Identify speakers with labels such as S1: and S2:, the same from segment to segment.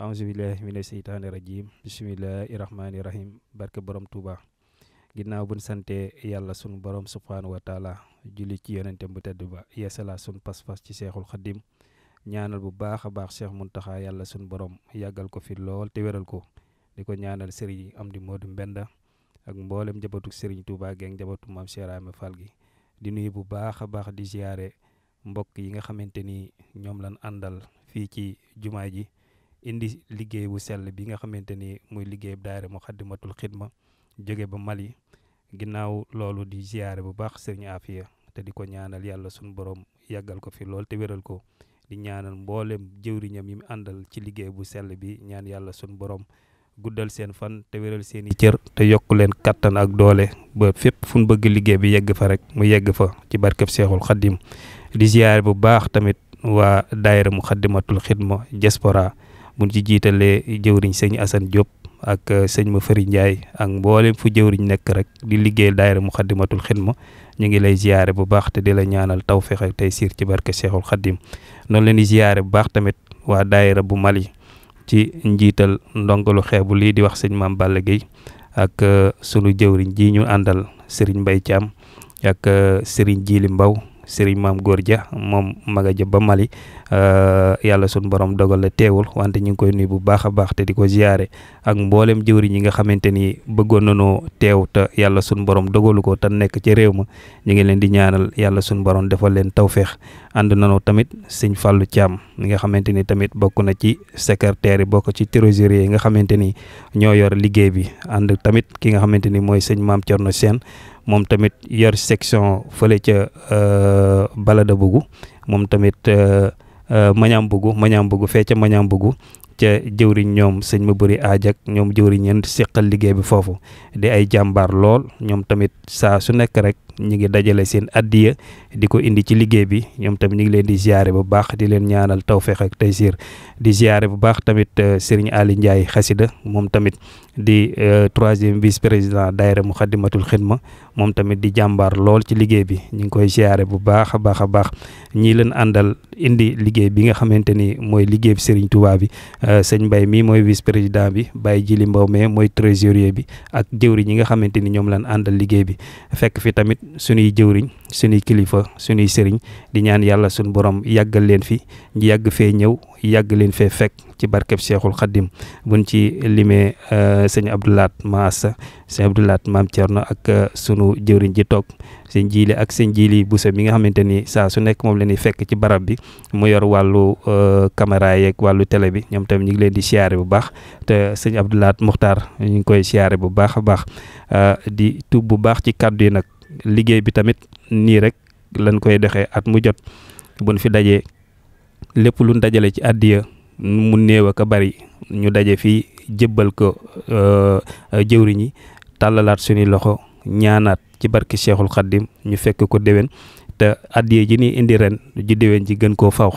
S1: aousubillahi mina seytaani rajim bisimilahi rahmaani rahim barke borom Touba bu buñ sante yàlla sunu borom subhaanahu wa julli ci yonentem bu tedd ba yeesala sun pas-pas ci seexul xadim ñaanal bu baax a baax Cheikh Muntaxa yàlla sunu borom yàggal ko fii lool te weral ko di ko ñaanal seriñ am di Moodu Mbenda ak mboolem njabootu sëriñ Touba geeg njabootu maam Cheikh Rahma gi di nuyu bu baax a baax di ziare mbokk yi nga xamante ni ñoom lañ àndal fii ci jumaa ji indi liggéey bu sell bi nga xamante ni muy liggéey daayira Muxaddamatul Xidma jóge ba Mali ginnaaw loolu di ziyaare bu baax sëriñ Afia te di ko ñaanal yàlla sunu borom yàggal ko fi lool te wéral ko di ñaanal mboolem jëwriñam yi mu àndal ci liggéey bu sell bi ñaan yàlla sunu borom guddal seen fan te wéral seen i cër te yokk leen kattan ak doole ba fépp fu bëgg liggéey bi yegg fa rek mu yegg fa ci barkeb Seexul Xaddim di ziyaare bu baax tamit waa daayira Muxaddamatul Xidma diaspora mun ci jiitalee jëwriñ sëñ Assane Diop ak euh, sëñ ma Fëri Ndiaye ak mboolem fu jëwriñ nekk rek di liggéey liggéeyal daayira Muxaddamatul Xidma ñu ngi lay ziyaare bu baax te di la ñaanal taw ak tey siir ci barke Cheikhul Khadim noon leen di ziyaare bu baax tamit waa daayira bu Mali ci njiital ndongalu xeebu lii di wax sëñ Maam Balla Gueye ak euh, sunu jëwriñ ji ñu àndal Serigne mbay Thiam ak euh, Serigne Jili Mbaw sëriñ maam góor ja moom maga ja ba Mali euh, yàlla suñ borom dogal la teewul wante ñu ngi koy nuyu bu baax a baax te di ko ziyaare ak mboolem jëwriñ yi nga xamante ni bëggoon nañoo teew te yàlla suñ borom dogalu ko te nekk ci réew ma ñu ngi leen di ñaanal yàlla suñ borom defal leen tawféex ànd nañoo tamit sëñ Fallou Thiam mi nga xamante ni tamit bokk na ci secrétaire yi bokk ci trésorier yi nga xamante ni ñoo yor liggéey bi ànd tamit ki nga xamante ni mooy sëñ maam Thierno seen moom tamit yor section fële ca euh, Balada Bugu moom tamit euh, euh, Mañaam Bugu Mañaam Bugu fee ca Mañaam Bugu ca jëwriñ ñoom sëñ ma bëri aajak ñoom jëwriñ ñeen seqal liggéey bi foofu di ay jàmbaar lool ñoom tamit saa su nekk rek ñu ngi dajale seen addiya di ko indi ci liggéey bi ñoom tamit ñu ngi leen di ziare bu baax di leen ñaanal tawféex ak taysiir di ziare bu baax tamit euh, sëriñ Ali Ndiaye xasida moom tamit di euh, troisième vice président daayira Muxaddamatul Xidma moom tamit di jàmbaar lool ci liggéey bi ñu ngi koy ziare bu baax a baax a baax ñii leen àndal indi liggéey bi nga xamante ni mooy liggéey bi sëriñ Tuubaa bi Euh, sëñ Mbaye mi mooy vice président bi Baye Jili mbaw mais mooy trésorier bi ak jëwriñ yi nga xamante ni ñoom lan àndal liggéey bi fekk fi tamit suñuy jëwriñ suñuy kilifa suñuy sëriñ di ñaan yàlla suñ borom yàggal leen fi ñu yàgg fee ñëw yàgg leen fee fekk ci barkeb Cheikhul Khadim buñ ci limee euh, sëñ Abdoulaat Maassa sëñ Abdoulaat Maam Thierno ak euh, sunu jëwriñ ji toog sëñ jiili ak sëñ bu se mi nga xamante ni saa su nekk moom leen ñuy fekk ci barab bi mu yor wàllu euh, caméra yeeg wàllu télé bi ñoom tamit ñu ngi leen di siyaare bu baax te sëñ Abdoulaat Muxtaar ñu ngi koy siyaare bu baax a baax di tub bu baax ci kàddu yi nag liggéey bi tamit nii rek lañ koy doxee at mu jot buñ fi dajee lépp lu dajale ci àddiya mu néew ak a bari ñu daje fii jébbal ko euh, euh, jëwriñ yi tàllalaat suñuy loxo ñaanaat ci barki Cheikhul Khadim ñu fekk ko déwén te àddiya ji ni indi ren ji déwén ji gën koo faw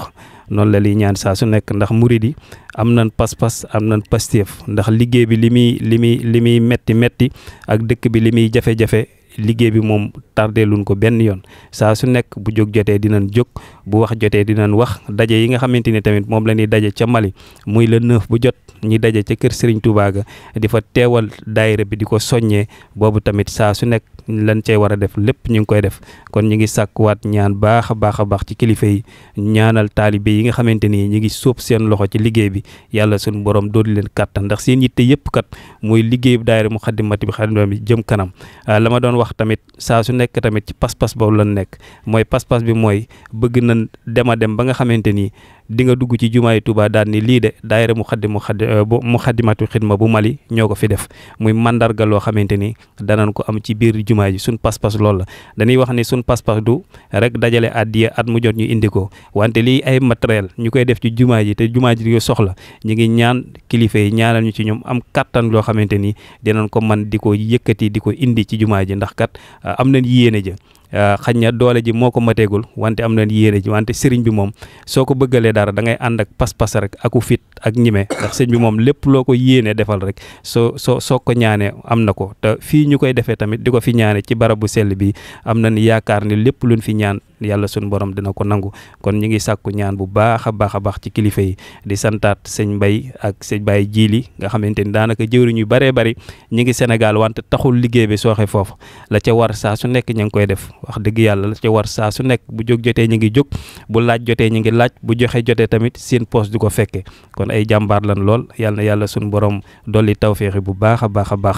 S1: noonu la li ñaan saa su nekk ndax murid yi am na pas-pas am nañ pastéef ndax liggéey bi li muy li muy li muy metti metti ak dëkk bi li muy jafe-jafe liggéey bi moom tardé luñ ko benn yoon saa su nekk bu jóg jotee dinañ jóg bu wax jotee dinañ wax daje yi nga xamante ni tamit moom la ñuy daje ca Mali muy le neuf bu jot ñi daje ca kër Serigne Touba di fa teewal daayira bi di ko soññee boobu tamit saa su nekk lan cee war a def lépp ñu ngi koy def kon ñu ngi sàkkuwaat ñaan baax a baax a baax ci kilifa yi ñaanal taalibe yi nga xamante ni ñu ngi sóob seen loxo ci liggéey bi yàlla suñu borom doolu leen kàttan ndax seen yitte yëpp kat muy liggéey daayira mu xaddimati bi xaddimati bi jëm kanam ah, la ma doon wax tamit saa su nekk tamit ci pas-pas boobu lan nekk mooy pas-pas bi mooy bëgg na dem a dem ba nga xamante ni di nga dugg ci jumaa yi Touba daal ni lii de daayira mu xaddi mu xaddi mu xaddimatu xidma bu Mali ñoo ko fi def muy mandarga loo xamante ni danañ ko am ci biir jumaa ji suñ pas-pas loolu la dañuy wax ni suñ pas-pas du rek dajale addiya at mu jot ñu indi ko wante lii ay matériel ñu koy def ci jumaa ji te jumaa ji di soxla ñu ngi ñaan kilifa yi ñaanal ñu ci ñoom am kattan loo xamante ni dinañ ko man di ko yëkkati di ko indi ci jumaa ji ndax kat am na yéene jë Euh, xaj na doole ji moo ko mateegul wante am na yéene ji wante sëriñ bi moom soo ko bëggalee dara dangay ngay ànd ak pas-pas rek aku fit ak ñime ndax sëriñ bi moom lépp loo ko yéene defal rek soo soo soo ko ñaanee am na ko te fii ñu koy defee tamit di ko fi ñaane ci barabu sell bi am nañ yaakaar ni lépp luñ fi ñaan yàlla suñu borom dina ko nangu kon ñu ngi sàkku ñaan bu baax a baax a baax ci kilifa yi di santaat sëñ mbay ak sëñ Baye Jiili nga xamante ni daanaka jëwriñ yu baree bari ñu ngi Sénégal wante taxul liggéey bi sooxe foofu la ca war saa su nekk ñu ngi koy def wax dëgg yàlla la ca war saa su nekk bu jog jotee ñu ngi jog bu laaj jotee ñu ngi laaj bu joxe jotee tamit seen poste du ko fekke kon ay jàmbaar lan lool yàlla na yàlla suñu borom dolli tawféexi bu baax a baax a baax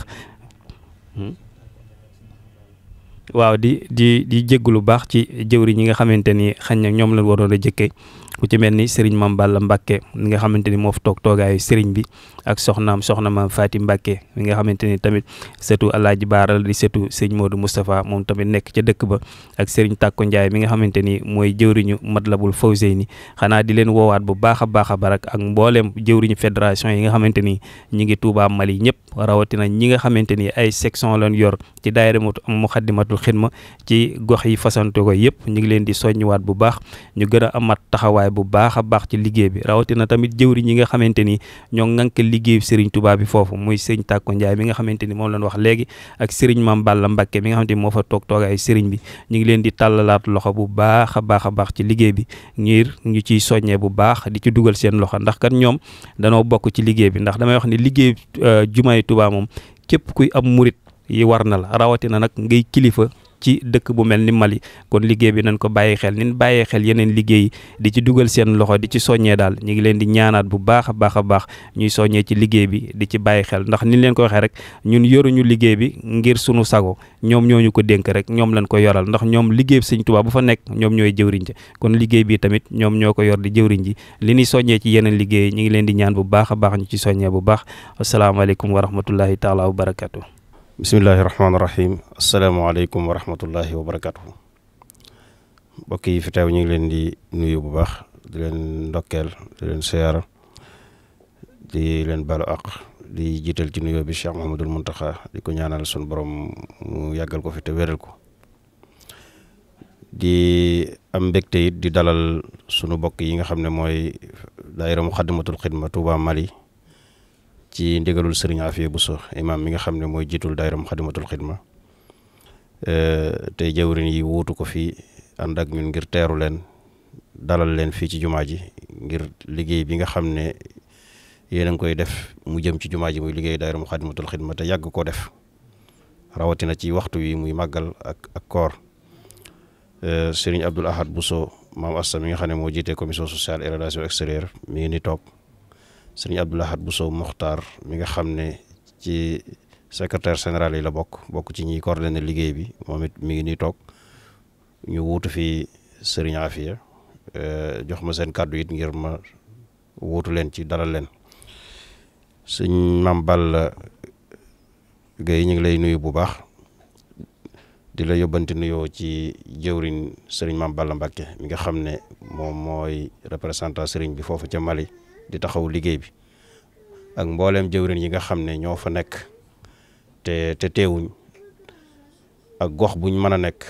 S1: hmm? waaw di di di jégg lu baax ci jëwri ñi nga xamante ni xañ na ñoom lañ waroon a jëkkee ku ci mel ni Serigne Mame Balla Mbacke mi nga xamante ni moo fi toog toogaayu Serigne bi ak soxnaam soxna ma Faati Mbacke mi nga xamante ni tamit setu Alaaji Baara di setu Serigne Modou Moustapha moom tamit nekk ca dëkk ba ak Serigne Tàkko Ndiaye mi nga xamante ni mooy jëwriñu Matlabul ni xanaa di leen woowaat bu baax a baax a barak ak mbooleem jëwriñu fédération yi nga xamante ni ñi ngi Touba Mali ñëpp rawatina ñi nga xamante ni ay section lañ yor ci daayira Muxaddamatul Xidma ci gox yi fasante yëpp ngi leen di soññiwaat bu baax taxawaay bu baax a baax ci liggéey bi rawatina tamit jëwriñ yi nga xamante ni ñoo ngànk liggéey sëriñ Touba bi foofu muy sëriñ Tàkko Njaay mi nga xamante ni moom lañ wax léegi ak sëriñ Maam Balla Mbàkke mi a xamante ni moo fa toog toogaay sëriñ bi ñu ngi leen di tàllalaat loxo bu baax a baax a baax ci liggéey bi ngir ñu ci soñee bu baax di ci dugal seen loxo ndax kat ñoom danoo bokk ci liggéey bi ndax damay wax ni liggéey euh, jumaay Touba moom képp kuy am murit yi war ci dëkk bu mel ni Mali kon liggéey bi nañ ko bàyyi xel nin bàyyee xel yeneen liggéey di ci dugal seen loxo di ci soññee daal ñu ngi leen di ñaanaat bu baax baax a baax ñuy soññee ci liggéey bi di ci bàyyi xel ndax ni leen ko waxee rek ñun yoruñu liggéey bi ngir sunu sago ñoom ñooñu ko dénk rek ñoom lañ ko yoral ndax ñoom liggéey bi bu fa nekk ñoom ñooy jëwriñ kon liggéey bi tamit ñoom ñoo ko yor di jëwriñ ji li ñuy soññee ci yeneen liggéey ñu ngi leen di ñaan bu baax a baax ñu ci soññee bu baax asalaamaaleykum wa rahmatullahi taala wa barakatu bisimillahi rahmaani rahim asalaamaaleykum wa rahmatullahi wa barakatuhu
S2: mbokk yi fi teew ñu ngi leen di nuyu bu baax di leen ndokkeel di leen siyaara di leen balu àq di jiital ci nuyoo bi Cheikh Mouhamadul Mountakha di ko ñaanal sun borom mu yàggal ko fi te wéral ko di am mbégte it di dalal sunu mbokk yi nga xam ne mooy daayira Muxaddamatul Xidma Touba Mali ci ndigalul sëriñ Afia Bousso imaam mi nga xam ne mooy jiitul daayira Moukhaddamatoul Khidma tey jawrin yi wuutu ko fi ànd ak ngir teeru leen dalal leen fii ci jumaa ji ngir liggéey bi nga xam ne yéen a koy def mu jëm ci jumaa ji muy liggéey daayira Moukhaddamatoul Khidma te yàgg koo def rawatina ci waxtu wi muy màggal ak ak koor eh, sëriñ Abdoul Ahad Bousso maam Assa mi nga xam ne moo jiite commission sociale et relations extérieures mi ngi ni toog sëriñ Abdou bu Bousso Mokhtar mi nga xam ne ci secretaire général yi la bokk bokk ci ñiy coordonné liggéey bi moom it mi ngi nii toog ñu wuutu fi sëriñ Afia euh, jox ma seen kàddu yit ngir ma wuutu leen ci dalal leen sëñ Mame Balla Gueye ñu ngi lay nuyu bu baax di la yóbbanti nuyoo ci jëwriñ sëriñ Mame Balla Mbacke mi nga xam ne moom mooy representant sëriñ bi foofu ca Mali di taxaw liggéey bi ak mbooleem jëwrin yi nga xam ne ñoo fa nekk te te teewuñ ak gox buñ mën a nekk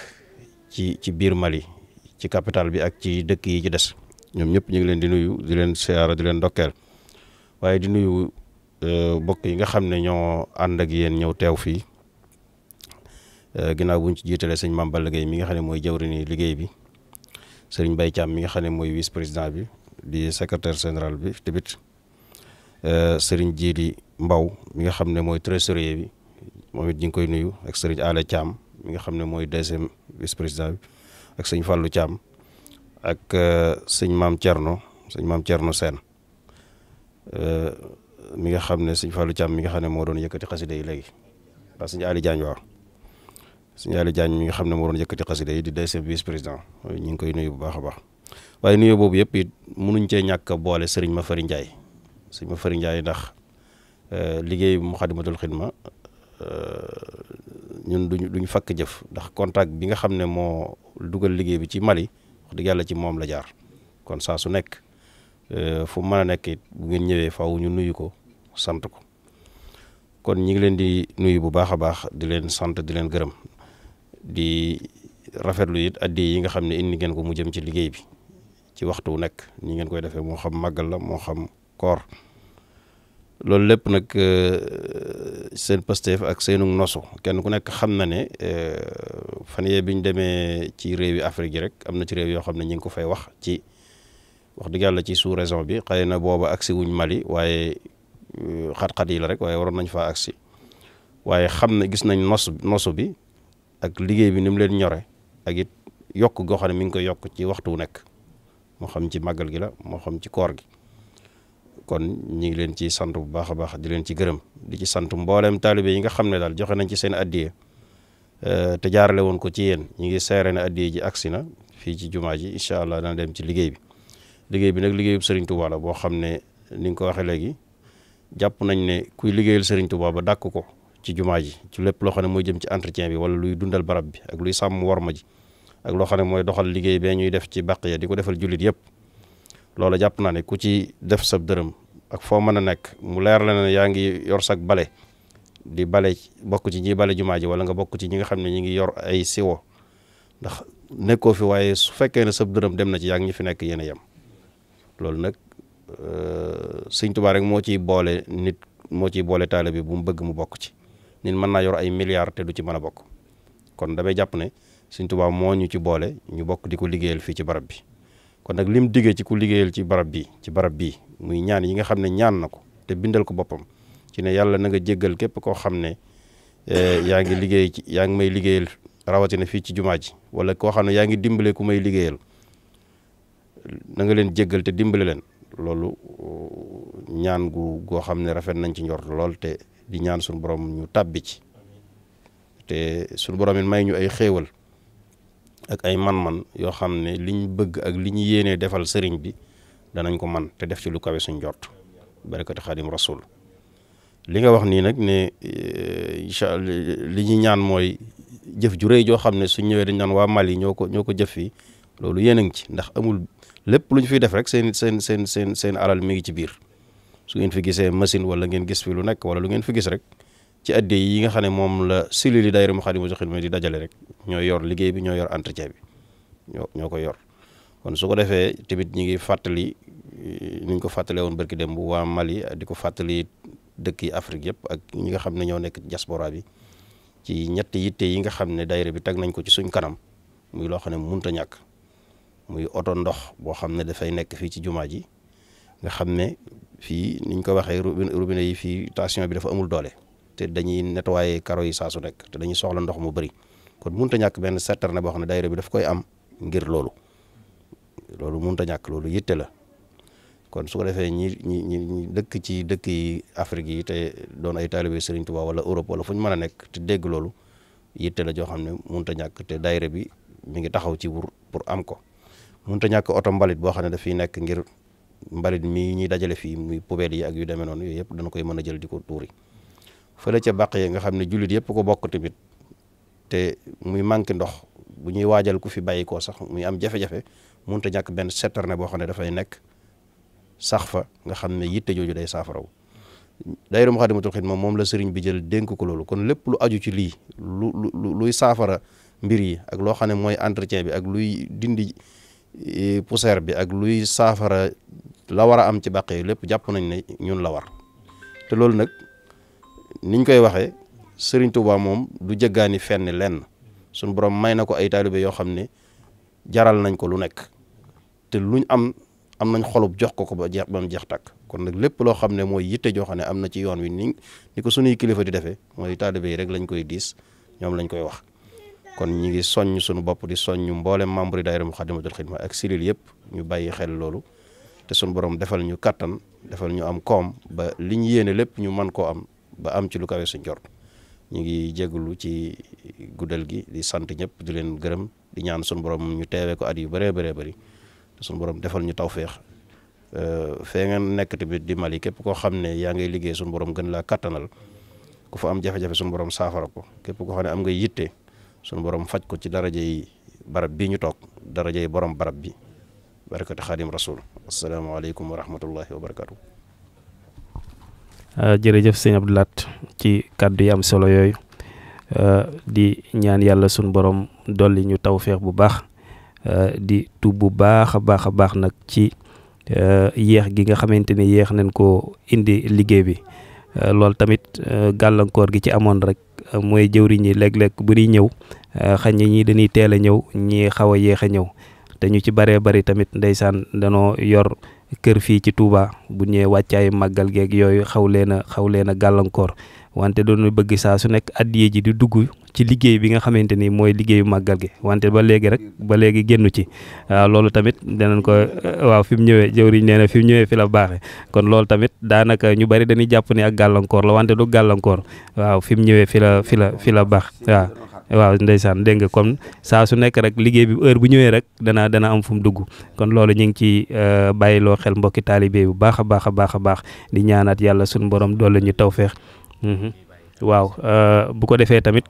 S2: ci ci biir Mali ci capital bi ak ci dëkk yi ci des ñoom ñëpp ñu ngi leen di nuyu di leen siyaara di leen ndokkeel waaye di nuyu e, bokk yi nga xam ne ñoo ànd ak yéen ñëw teew fii e, ginnaaw buñ ci jiitalee sëñ Mame Balla Gueye mi nga xam ne mooy jëwriñu liggéey bi sëriñ Mbaye Thiam mi nga xam ne mooy vice président bi di secretaire sénéral bi tamit euh, sëriñ Jiili Mbaw mi nga xam ne mooy trésorier bi moom it ñu ngi koy nuyu ak sëriñ Aale Thiam mi nga xam ne mooy deuxième vice président bi ak sëñ Fallou Thiam ak euh, sëñ maam Thierno sëñ maam Thierno Sène euh, mi nga xam ne sëñ Fallou Thiam mi nga xam ne moo doon yëkkati xasida yi léegi waaw sëñ Ali Diagne waaw sëñ Ali Diagne mi nga xam ne moo doon yëkkati xasida yi di deuxième vice président ñu ngi koy nuyu bu baax a baax. waaye nuyoo boobu yëpp it munuñ cee ñàkk a boole sëriñ Mafari Ndiaye sëriñ Mafari Ndiaye ndax euh, liggéey Muxaddamatul Xidma euh, ñun duñ duñ fakk jëf ndax contact bi nga xam ne moo dugal liggéey bi ci Mali wax dëgg yàlla ci moom la jaar kon saa su nekk euh, fu mën a nekk bu ngeen ñëwee faaw ñu nuyu ko sant ko kon ñi ngi leen di nuyu bu baax a baax di leen sant di leen gërëm di yit it di yi nga xam ne indi ngeen ko mu jëm ci liggéey bi ci waxtu wu nekk ñi ngeen koy defee moo xam màggal la moo xam koor loolu lépp nag euh, seen pasteef ak seenu nosu kenn ku nekk xam na ne euh, fan yee bi ñu demee ci réew yi Afrique yi rek am na ci réew yoo xam ne ñu ngi ko fay wax ci wax dëgg yàlla ci sous-région bi xëy na booba agsi wuñ Mali waaye euh, xat yi la rek waaye waroon nañ faa agsi waaye xam ne gis nañ nos nosu bi ak liggéey bi ni leen ñore ak it yokk goo mi ngi koy yokk ci waxtu wu nekk. moo xam ci màggal gi la moo xam ci koor gi kon ñi ngi leen ci sant bu baax a baax di leen ci gërëm di ci sant mbooleem taalibe yi nga xam ne daal joxe nañ ci seen addiye eh, te jaarale woon ko ci yéen ñi ngi seere ne addiye ji agsi na fii ci jumaa ji incha allah dana dem ci liggéey bi liggéey bi nag liggéeyub Serigne Touba la boo xam ne ni nga ko waxee léegi jàpp nañ ne kuy liggéey Serigne Touba ba dàkk ko ci jumaa ji ci lépp loo xam ne mooy jëm ci entretien bi wala luy dundal barab bi ak luy sàmm warma ji ak loo xam ne mooy doxal liggéey bee ñuy def ci bàq ya di ko defal jullit yëpp loolu jàpp naa ne ku ci def sab dërëm ak foo mën a nekk mu leer la ne yaa ngi yor sag bale di bale bokk ci ñi bale jumaa ji wala nga bokk ci ñi nga xam ne ñu ngi yor ay siwo ndax nekkoo fi waaye su fekkee ne sab dërëm dem na ci yaa ngi ñu fi nekk yéen a yem loolu nag euh, sëñ Tuubaa rek moo ciy boole nit moo ci boole taale bi bu mu bëgg mu bokk ci nit mën naa yor ay milliards te du ci mën a bokk kon damay jàpp ne Sëñ Tuubaa moo ñu ci boole ñu bokk di ko liggéeyal fii ci barab bi kon nag lim diggee ci ku liggéeyal ci barab bi ci barab bi muy ñaan yi nga xam ne ñaan na ko te bindal ko boppam ci ne yàlla nanga nga jéggal képp koo xam ne eh, yaa ngi liggéey ci yaa ngi may liggéeyal rawatina fii ci jumaa ji wala koo ne yaa ngi dimbale ku may liggéeyal nanga leen jéggal te dimbale leen loolu ñaan gu goo xam ne rafet nañ ci njort lool te di ñaan suñu borom ñu tàbbi ci te suñu borom it may ñu ay xéewal ak ay man-man yoo xam ne liñ bëgg ak li ñu yéenee defal sëriñ bi danañ ko man te def ci lu kawe suñ jot barakati xaadim rasul li nga wax nii nag ne eh, incha li ñuy ñaan mooy jëf ju rëy joo xam ne suñ ñëwee dañ naan waa Mali ñoo ko ñoo ko jëf fii loolu yéen a ngi ci ndax amul lépp lu ñu fiy def rek seen seen seen seen seen alal mi ngi ci biir su ngeen fi gisee machine wala ngeen gis fi lu nekk wala lu ngeen fi gis rek ci adde yi nga xam ne moom la cellule yi daayira Moukhaddamatoul Khidma di dajale rek ñoo yor liggéey bi ñoo yor entretien bi ñoo ñoo ko yor kon su ko defee tamit ñu ngi fàttali ni ñu ko fàttalee woon barki dem bu waa Mali di ko fàttali dëkk yi Afrique yëpp ak ñi nga xam ne ñoo nekk diaspora bi ci ñetti yitte yi nga xam ne dayre bi teg nañ ko ci suñ kanam muy loo xam ne munta ñàkk muy oto ndox boo xam ne dafay nekk fii ci jumaa ji nga xam ne fii niñ ko waxee robinet yi fii tension bi dafa amul doole te dañuy nettoyer karo yi saa su nekk te dañuy soxla ndox mu bari kon mun a ñàkk benn citerne boo xam ne daayira bi daf koy am ngir loolu loolu mënut a ñàkk loolu yitte la kon su ko defee ñi ñi ñi dëkk ci dëkk yi Afrique yi te doon ay taalibe Serigne Touba wala Europe wala fu ñu mën a nekk te dégg loolu yitte la joo xam ne mënut ta ñàkk te daayira bi mi ngi taxaw ci pour pour am ko mënut ta ñàkk oto mbalit boo xam ne dafiy nekk ngir mbalit mi ñuy dajale fii muy poubelle yi ak yu demee noonu yooyu yëpp dana koy mën a jël di ko tuuri fële ca bàq yi nga xam ne jullit yëpp ko bokk tamit te muy manqué ndox bu ñuy waajal ku fi bàyyi ko sax muy am jafe-jafe mënut a ñàkk benn citerne boo xam ne dafay nekk sax fa nga xam ne yitte jooju day saafaraw daayira Muxaddamatul Xidma moom la sëriñ bi jël dénk ko loolu kon lépp lu aju ci lii lu luy saafara mbir yi ak loo xam ne mooy entretien bi ak luy dindi e, poussière bi ak luy saafara la war a am ci bàq yi lépp jàpp nañ ne ñun la war te loolu nag niñ koy waxee sëriñ tubaa moom du jëggaani fenn lenn suñu borom may na ko ay taalibe yoo xam ne jaral nañ ko lu nekk te luñ am am nañ xolub jox ko ko ba jeex ba mu jeex takk kon nag lépp loo xam ne mooy yitte joo xam ne am na ci yoon wi ni ni ko suñuy kilifa di defee mooy taalibe yi rek lañ koy diis ñoom lañ koy wax kon ñi ngi soññ suñu bopp di soññ mboolem membre yi daayira Muxaddamatul Xidma ak silil yëpp ñu bàyyi xel loolu te suñu boroom defal ñu kattan defal ñu am koom ba liñ yéene lépp ñu mën koo am ba am ci lu kawe suñ jort ñu ngi jégalu ci guddal gi di sant ñëpp di leen gërëm di ñaan suñu borom ñu teewee ko at yu bëree bëree bëri suñu borom defal ñu tawféex euh, fee nga nekk tamit di Mali képp koo xam ne yaa ngay liggéey suñ borom gën laa kattanal ku fa am jafe-jafe suñu borom saafara ko képp koo xam ne am nga yitte suñu borom faj ko ci daraja yi barab bii ñu toog daraja yi borom barab bi barakati xaadim rasul asalaamaaleykum wa rahmatullahi wa barakatu
S1: Euh, jërëjëf sëñ Abdou ci kàddu yi am solo yooyu euh, di ñaan yàlla suñ borom dolli ñu taw feex bu baax euh, di tub bu baax a baax a baax nag ci yéex gi nga xamante ni yéex nañ ko indi liggéey bi loolu tamit gàllankoor gi ci amoon rek mooy jëwriñ ñi léeg-léeg bu di ñëw xañ ñi dañuy teel a ñëw ñi xaw a yéex a ñëw te ñu ci baree bari tamit ndeysaan danoo yor kër fii ci Touba bu ñëwee wàccaayu màggal geeg yooyu xaw leen a xaw leen a gàllankoor wante doonu bëgg saa su nekk addiye ji di dugg ci liggéey bi nga xamante ni mooy liggéeyu màggal gi wante ba léegi rek ba léegi génnu ci waaw loolu tamit danañ ko waaw fi mu ñëwee jëwriñ nee na fi ñëwee fi la baaxee kon loolu tamit daanaka ñu bari dañuy jàpp ni ak gàllankoor la wante du gàllankoor waaw fi mu ñëwee fi la fi la fi la baax waaw ndeysaan dégg nga comme saa su nekk rek liggéey bi heure bu ñëwee rek dana dana am fu mu dugg kon loolu ñu ngi ci euh, bàyyiloo xel mbokki taalibe bu baax a baax a baax a baax di ñaanaat yàlla suñu borom doole ñu feex mhm. waaw euh, bu ko defee tamit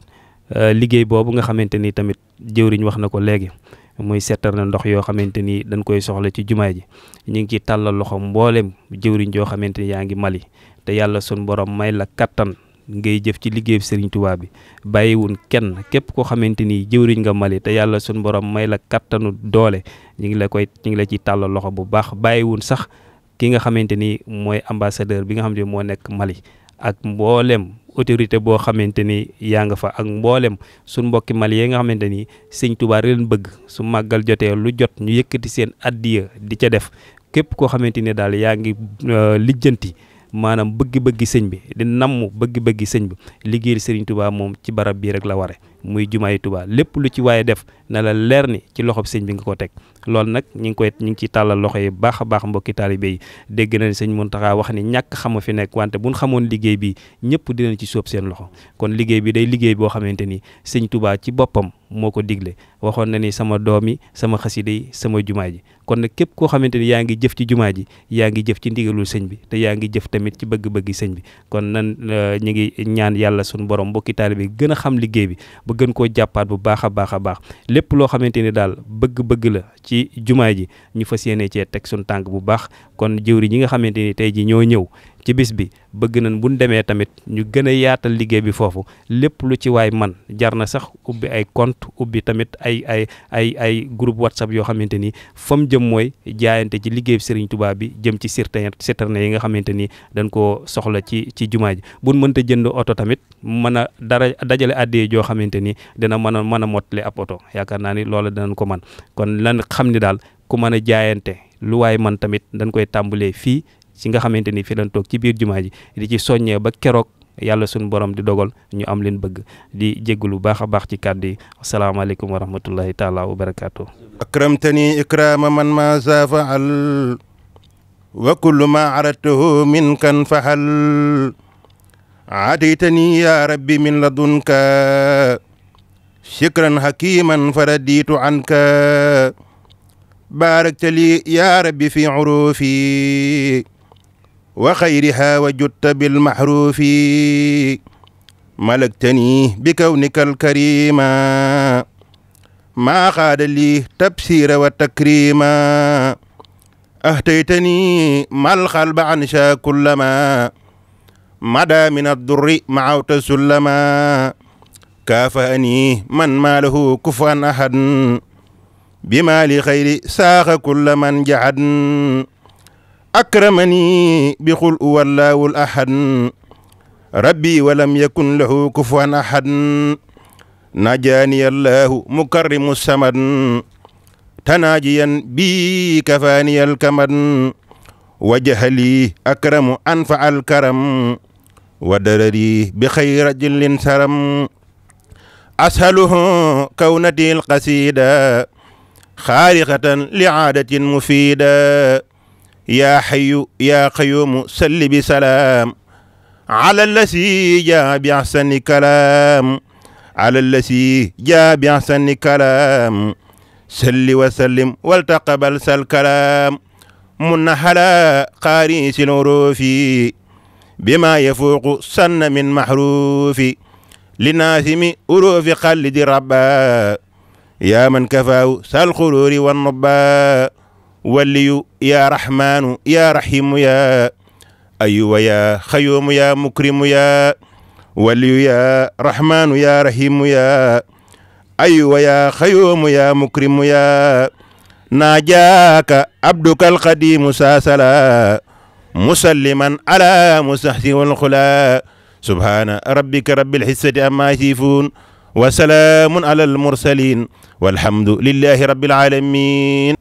S1: euh, liggéey boobu nga xamante ni tamit jëwriñ wax na ko léegi muy seetal na ndox yoo xamante ni dañ koy soxla ci jumaay ji ñu ngi ciy tàllal loxo mbooleem jëwriñ joo xamante ni yaa ngi Mali te yàlla suñu borom may la kattan ngay jëf ci liggéey sëriñ Tuubaa bi bàyyiwun kenn képp koo xamante ni jëwriñ nga Mali te yàlla sun borom may la kattanu doole ñu ngi la koy ñu ngi la ciy tàllal loxo bu baax bàyyiwun sax ki nga xamante ni mooy ambassadeur bi nga xam ne moo nekk Mali ak mboolem autorité boo xamante ni yaa nga fa ak mboolem suñ mbokki Mali yi nga xamante ni sëñ Tuubaa leen bëgg su màggal jotee lu jot ñu yëkkati seen addiya di ca def képp koo xamante ni daal yaa ngi euh, lijjanti maanaam bëgg-bëggi sëñ bi di namm bëgg-bëggi sëñ bi liggéeyal sëriñ Touba moom ci barab bii rek la ware muy jumaay tubaa lépp lu ci waaye def na la leer ni ci loxob sëñ bi nga ko teg loolu nag ñu ngi koy ñu ngi ciy tàllal loxo yi baax a baax mbokki taalibe yi dégg nañ sëñ Mountakha wax ni ñàkk xama fi nekk wante buñ xamoon liggéey bi ñëpp dinañ ci soob seen loxo kon liggéey bi day liggéey boo xamante ni sëñ tubaa ci boppam moo ko digle waxoon na ni sama doom yi sama xasida yi sama jumaa ji kon nag képp koo xamante ni yaa ngi jëf ci jumaa ji yaa ngi jëf ci ndigalul sëñ bi te yaa ngi jëf tamit ci bëgg-bëggi sëñ bi kon nan euh, ñu ngi ñaan yàlla suñu borom mbokki taalibe bi gën a xam liggéey bi ba gën koo jàppaat bu baax a baax a baax lépp loo xamante ni daal bëgg-bëgg la ci jumaa ji ñu fa yéene cee teg suñu tànk bu baax kon jëwri ñi nga xamante ni tey ji ñoo ñëw ci bis bi bëgg nañ bu buñ demee tamit ñu gën a yaatal liggéey bi foofu lépp lu ci waay man jar na sax ubbi ay compte ubbi tamit ay ay ay ay groupe whatsapp yoo xamante ni fam jëm mooy jaayante ci liggéey Serigne tubaab bi jëm ci certain certain yi nga xamante ni dañ koo soxla ci ci jumaa ji bu buñ mënta jënd oto tamit mën a dara dajale àddee joo xamante ni dina mën a mën a mottali ab oto yaakaar naa ni loola danañ ko man kon lan xam ni daal ku mën a jaayante lu waay man tamit dañ koy tàmbalee fii si nga xamante ni fi lañ toog ci biir jumaa ji di ci soññee ba keroog yàlla suñu borom di dogal ñu am leen bëgg di jéggulu baax a baax ci kàddu yi asalaamaaleykum wa rahmatullahi taala wa barakaatu
S3: akramtani ikrama man ma za wa kullu ma aradtuhu minkan fahal aataytani ya rabbi min ladunka shukran hakiman faraditu anka baarakta li ya rabbi fi urufi wa xayriha wa jutta bil maxruufi malaktani bi kawnika alkarima maa xaada lii tabsiira wa takrima ahtaytani mal xalba an shaa kullama mada min addurri maawta sullama kaafa'ani man maa lahu kufan ahad bi maa li xayri saaxa kulla man jahad akramani bi xul wallahul ahad rabbi walam yakun lahu kufuwan ahad najaani allahu mukarrimu samad tanaajiyan bi kafaani alkamad wajahali akramu anfa alkaram wa darari bi xayra jillin saram ashaluhu kawnati alqasida xaariqatan li aadatin mufida yaa xayu yaa qayuumu salli bi salaam ala lasi jaa bi axsani kalaam ala lasi jaa bi axsani kalaam salli wa sallim wal taqabal sal kalaam mun na xalaa qaari si nuruufi bima yafuuqu sanna min maxruufi linaasimi uruufi xallidi rabba yaa man kafaawu sal xuruuri wan nubba waliyu yaa rahmaanu yaa rahimu yaa ayuba yaa xayoomu yaa mukrimu yaa waliyu yaa rahmaanu yaa rahimu yaa ayuba yaa xayoomu yaa mukrimu yaa naajaaka abduka alqadiimu saasala musalliman ala mustahsin walxula subhaana rabbika rabbil izzati amma yasifuun wa salaamun ala almursaliin walhamdu lillahi rabbil aalamiin